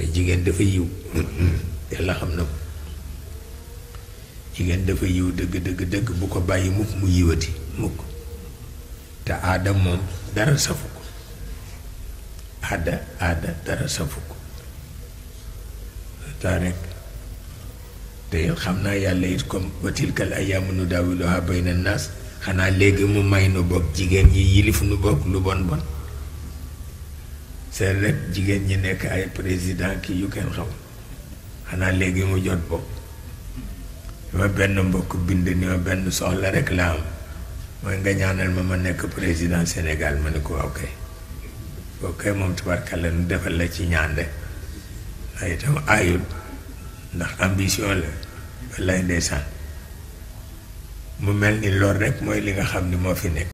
te jigéen dafa yiw yàlla xam na ko jigéen dafa yiw dëgg dëgg dëgg bu ko bàyyi mukk mu yiwati mukk te aada moom dara safu ko aada aada dara safu ko taa rek te xam naa yàlla it comme wa tilkal ayaamu nu daawiluhaa bayna naas xanaa léegi mu may nu bokk jigéen yi yilif nu bokk lu bon bon seet rek jigéen ñi nekk ay président ki yu kenn xam xanaa léegi mu jot bopp ma benn mbokk bind ni ma benn soxla rek la am mooy nga ñaanal ma ma nekk président Sénégal ma ne ko waaw boo kay moom tubarkalla nu defal la ci ñaan rek waaye itam aayul ndax ambition la wallaay ndeysaan mu mel ni lool rek mooy li nga xam ni moo fi nekk